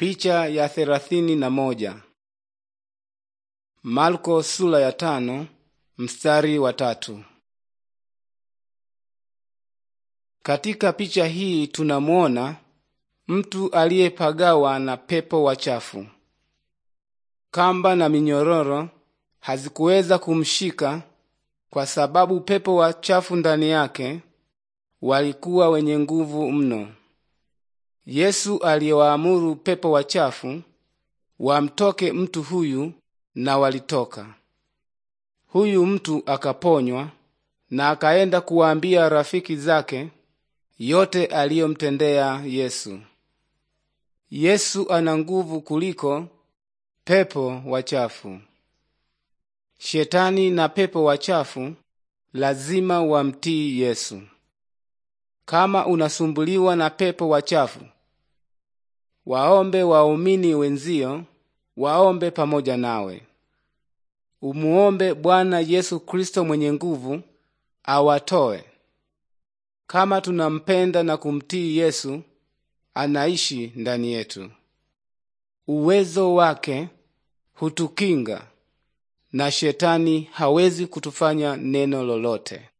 Picha ya thelathini na moja. Marko sura ya tano mstari wa tatu. Katika picha hii tunamwona mtu aliyepagawa na pepo wachafu. Kamba na minyororo hazikuweza kumshika kwa sababu pepo wachafu ndani yake walikuwa wenye nguvu mno. Yesu aliyewaamuru pepo wachafu wamtoke mtu huyu na walitoka. Huyu mtu akaponywa na akaenda kuwaambia rafiki zake yote aliyomtendea Yesu. Yesu ana nguvu kuliko pepo wachafu. Shetani na pepo wachafu lazima wamtii Yesu kama unasumbuliwa na pepo wachafu, waombe waumini wenzio waombe pamoja nawe. Umuombe Bwana Yesu Kristo mwenye nguvu awatoe. Kama tunampenda na kumtii Yesu, anaishi ndani yetu. Uwezo wake hutukinga na shetani hawezi kutufanya neno lolote.